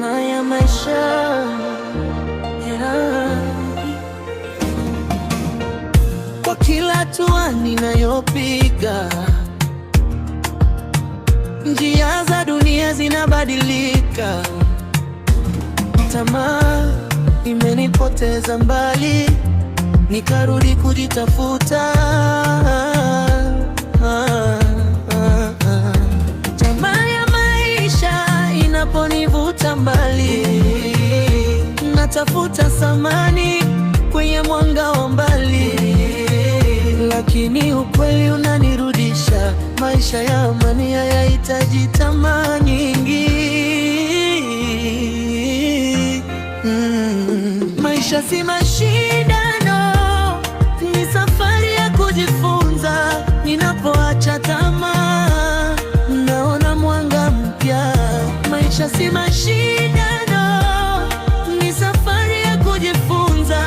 gharama ya maisha Kwa kila hatua ninayopiga, njia za dunia zinabadilika, tamaa imenipoteza mbali, nikarudi kujitafuta naota mbali, natafuta samani kwenye mwanga wa mbali, lakini ukweli unanirudisha. Maisha ya amani hayahitaji tamaa nyingi. Mm, maisha si mashindano, ni safari ya kujifunza. Ninapoacha tamaa maisha si mashindano, ni safari ya kujifunza.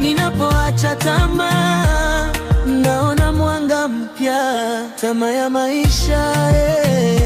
Ninapoacha tamaa, naona mwanga mpya, tamaa ya maisha eh.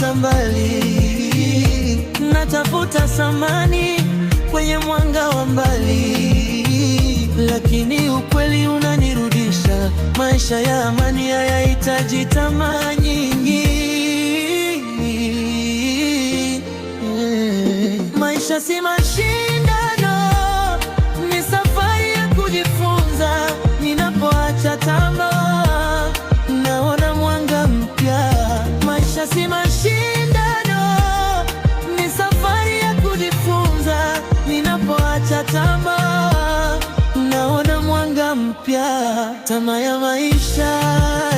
niliota mbali, natafuta samani kwenye mwanga wa mbali, lakini ukweli unanirudisha. Maisha ya amani hayahitaji tamaa nyingi. Eh, maisha si mashine tamaa ya maisha